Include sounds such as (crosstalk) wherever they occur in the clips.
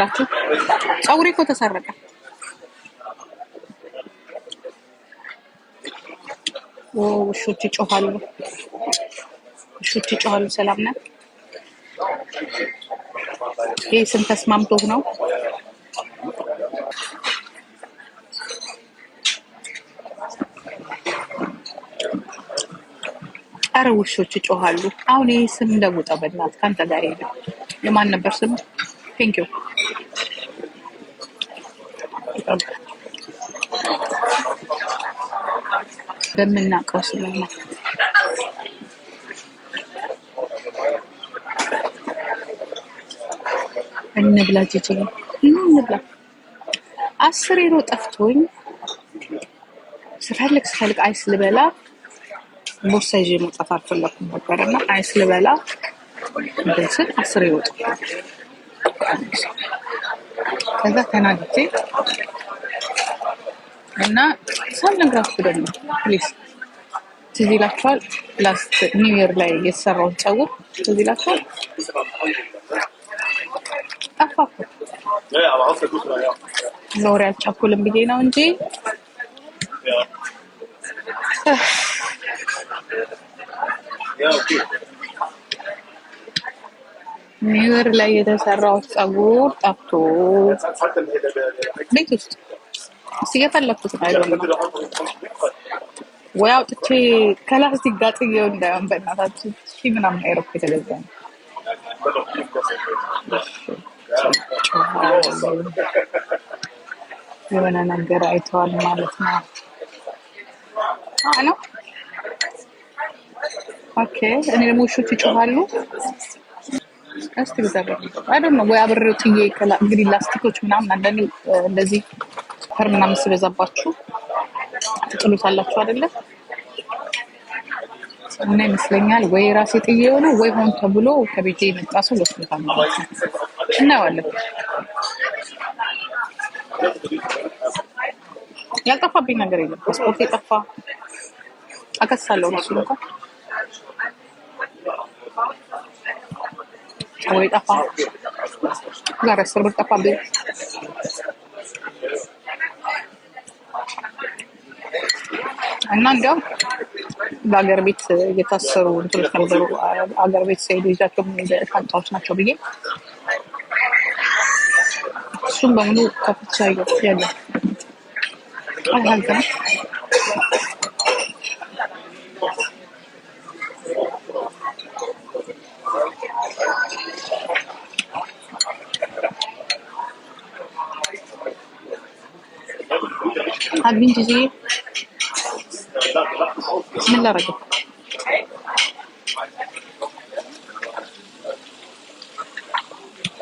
ላችሁ ፀጉሬ እኮ ተሰረቀ። ውሾች ይጮሃሉ፣ ውሾች ይጮሃሉ። ሰላም ነህ? ይህ ስም ተስማምቶ ነው? ኧረ ውሾች ይጮሃሉ። አሁን ይህ ስም ለውጠህ በእናትህ። ከአንተ ጋር የለም። የማን ነበር ስም? ቴንኪው በጣም በምናውቀው ስለሆነ እንብላ ጅጅ እንብላ። አስር ሮ ጠፍቶኝ ስፈልግ ስፈልግ አይስ ልበላ ቦርሳ ይዤ መውጣት አልፈለኩም ነበር እና አይስ ልበላ ስል አስር ሮ ጠፍቶኝ ከዛ ተናድጄ እና ሳልነግራችሁ ደግሞ ፕሊስ ትዝ ይላችኋል፣ ላስት ኒው ይር ላይ የተሰራውን ጸጉር ትዝ ይላችኋል። ጠፋ እኮ ዞር ያልቻኩልም ብዬ ነው እንጂ ሚወር ላይ የተሰራው ፀጉር ጠፍቶ ቤት ውስጥ እየፈለኩት ነው። ወይ አውጥቼ ከላስቲክ ጋጥዬው እንዳይሆን በእናታችን ሺህ ምናምን አይሮፕ የተገዛ ነው። የሆነ ነገር አይተዋል ማለት ነው ነው። ኦኬ እኔ ደግሞ ውሾች ይጮሃሉ። እስቲ እግዚአብሔር አይ ዶንት ኖ ወይ አብሬው ጥዬ እንግዲህ ላስቲኮች ምናምን አንዳንዴ እንደዚህ ፈር ምናምን ሲበዛባችሁ ትጥሉታላችሁ አይደለ? እና ይመስለኛል ወይ ራሴ ጥዬ የሆነ ወይ ሆን ተብሎ ከቤቴ የመጣ ሰው ወስዶታል ማለት ነው። እናየዋለን። ያልጠፋብኝ ነገር የለም። ፓስፖርት የጠፋ አከሳለሁ እሱ እንኳን favorit apa nggak res favorit apa kita seru terus Dagarbice getassaru bisa Agarbice realizato de fantoci na ciobighi Sumbang nu kapitsa ya yani. Allah'a emanet حابين تجي بسم الله رجل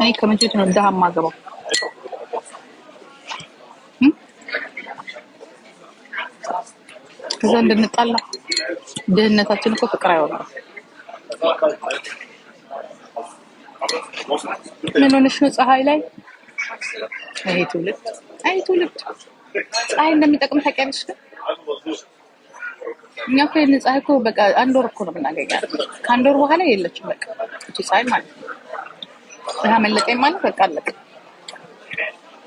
هاي كمان جيت من الدهم ما قبل كذا بنطلع دهنتاتين كو فكرة يوضع منو نشنو صحايلي هاي تولد هاي تولد ፀሐይ እንደሚጠቅም ታውቂያለሽ። እኛ እኮ ይህን ፀሐይ እኮ በቃ አንድ ወር እኮ ነው የምናገኛት። ከአንድ ወር በኋላ የለችም በቃ እቺ ፀሐይ ማለት ነው። ይህ መለቀኝ ማለት በቃ አለቀ።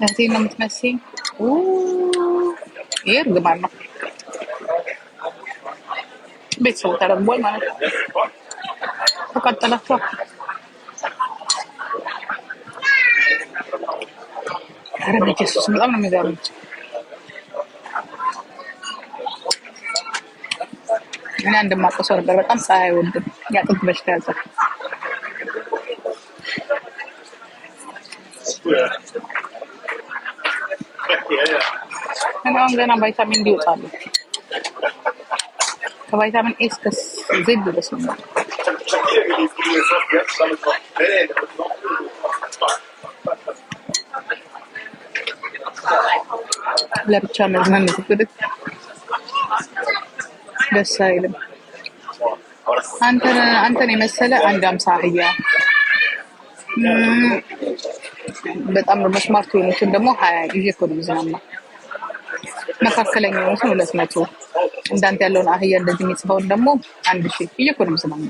እህቴ ነው የምትመስኝ። ይህ እርግማን ነው። ቤተሰቡ ተረቧል ማለት ነው። ተቃጠላችኋል። ኧረ በኢየሱስ በጣም ነው የሚገርመው። እኔ አንድ ሰው ነበር፣ በጣም ፀሐይ አይወድም፣ የአጥንት በሽታ ያዘ። አሁን ገና ቫይታሚን ዲ ይወጣሉ። ከቫይታሚን ኤ እስከ ዜድ ድረስ ነው። ለብቻ መዝናነት ደስ አይልም። አንተን የመሰለ አንድ አምሳ አህያ በጣም መስማርቱ የሆኑትን ደግሞ ሀያ ይዤ እኮ ነው የምዝናና። መካከለኛ የሆኑትን ሁለት መቶ እንዳንተ ያለውን አህያ እንደዚህ የሚጽፈውን ደግሞ አንድ ሺ ይዤ እኮ ነው የምዝናና።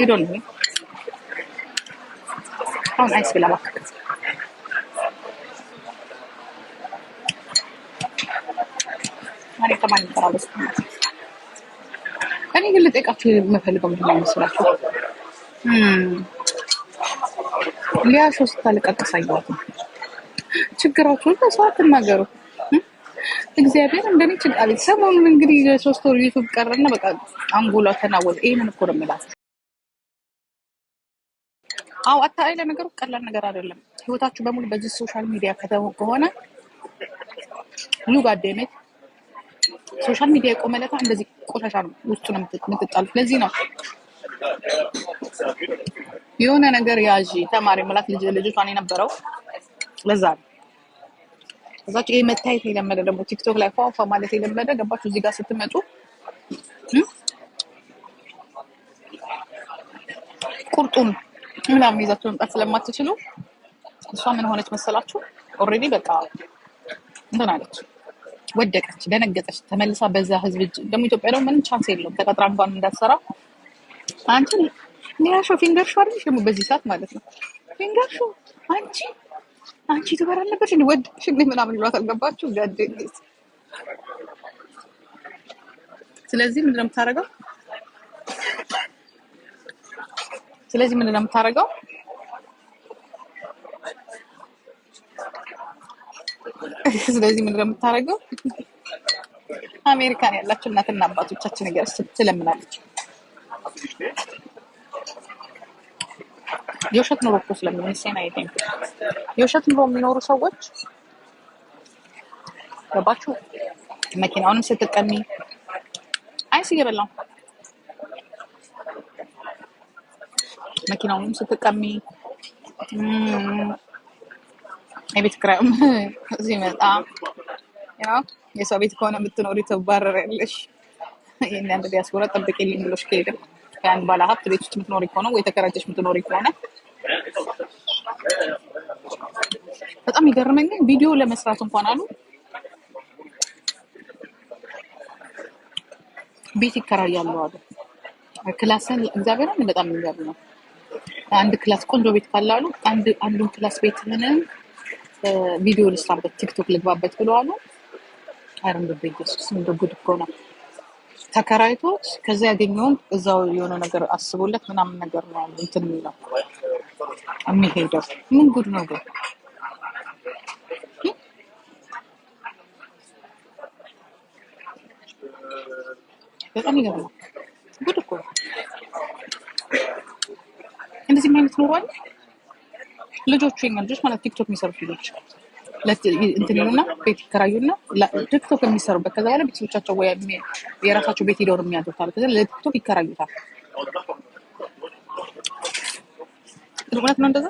ሂዶ ሊዶን አሁን አይስ ብላ እባክህ ማን ከማን ይጠራበስ እኔ ግን ልጠይቃችሁ የምፈልገው ምንድን ነው መሰላችሁ? ሊያሾ ስታለቀቅስ አየኋት። ችግራችሁን ለሰው አትናገሩ። እግዚአብሔር እንደኔ ችግር ሰሞኑን እንግዲህ ሶስት ወር ዩቱብ ቀረና በቃ አንጎሏ ተናወጠ። ይሄንን እኮ ነው የምላት። አዎ አታይ፣ ለነገሩ ቀላል ነገር አይደለም። ህይወታችሁ በሙሉ በዚህ ሶሻል ሚዲያ ከተሆነ ሉ ጋዴሜት ሶሻል ሚዲያ የቆመለታ እንደዚህ ቆሻሻ ነው ውስጡ ነው ለዚህ ነው የሆነ ነገር ያዥ ተማሪ መላክ ልጅ ልጅቷን የነበረው ለዛ ነው ይሄ መታየት የለመደ ደግሞ ቲክቶክ ላይ ፏፏ ማለት የለመደ ገባችሁ። እዚህ ጋር ስትመጡ ቁርጡን ምናምን ይዛችሁ መምጣት ስለማትችሉ እሷ ምን ሆነች መሰላችሁ? ኦልሬዲ በቃ እንትን አለች። ወደቀች፣ ደነገጠች። ተመልሳ በዛ ህዝብ እጅ ደግሞ ኢትዮጵያ ደግሞ ምንም ቻንስ የለውም ተቀጥራ እንኳን እንዳትሰራ አንቺ ኒያሾ ፊንገር ሾ አይደለሽ ደግሞ በዚህ ሰዓት ማለት ነው። ፊንገር ሾ አንቺ አንቺ ዩቱበር አለበት እንዲ ወደሽ እንዲ ምናምን ብሏት አልገባችሁ ጋዴ። ስለዚህ ምንድነው ነው የምታደርገው? ስለዚህ ምንድነው ነው የምታደርገው? ስለዚህ ምንድን ነው የምታደርገው? አሜሪካን ያላችሁ እናትና አባቶቻችን ነገር ስትለምናለች የውሸት ኑሮ እኮ ስለሚሆን ሴን አይደንክ የውሸት ኑሮ የሚኖሩ ሰዎች ገባችሁ? መኪናውንም ስትቀሚ አይስ እየበላው መኪናውንም ስትቀሚ የቤት ክራይም ሲመጣ (laughs) ያው የሰው ቤት ከሆነ የምትኖሪ ትባረሪያለሽ። ይህን አንድ ዲያስፖራ ጠብቂልኝ ብሎሽ ከሄደ ከአንድ ባለ ሀብት ቤት ውስጥ የምትኖሪ ከሆነ ወይ ተከራጀሽ የምትኖሪ ከሆነ በጣም ይገርመኝ። ቪዲዮ ለመስራት እንኳን አሉ ቤት ይከራያሉ አሉ። ክላስን እግዚአብሔርን በጣም የሚገርም ነው። አንድ ክላስ ቆንጆ ቤት ካላሉ አንድ አንዱን ክላስ ቤት ምንም ቪዲዮ ልስራበት፣ ቲክቶክ ልግባበት ብሎ አሉ። አይረምዶ በኢየሱስ እንደ ጉድ እኮ ነው። ተከራይቶት ከዚ ያገኘውን እዛው የሆነ ነገር አስቦለት ምናምን ነገር ነው እንትን የሚለው የሚሄደው። ምን ጉድ ነው ግን በጣም ይገርማል። ጉድ እኮ ነው። እንደዚህ አይነት ኖሯል። ልጆቹ የኛ ልጆች ማለት ቲክቶክ የሚሰሩት ልጆች እንትንና ቤት ይከራዩና ቲክቶክ የሚሰሩበት ከዛ በኋላ ቤተሰቦቻቸው ወይ የራሳቸው ቤት ሄደው የሚያዙታል። ከዚ ለቲክቶክ ይከራዩታል። እውነት ነው እንደዛ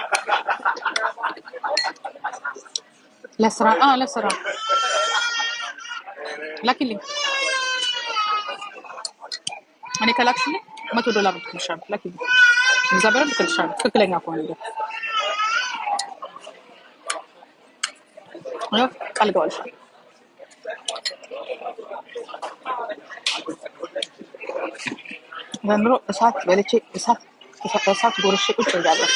(laughs) ለስራ አ ለስራ ላኪልኝ። እኔ ከላክሽልኝ መቶ ዶላር ብትልሻለሁ። ላኪልኝ እዛ ብትልሻለሁ። ትክክለኛ ከሆነ ነገር ያው ቃል ገባልሻለሁ። ዘንድሮ እሳት በልቼ እሳት እሳት ጎርሼ ቁጭ እንዳለሁ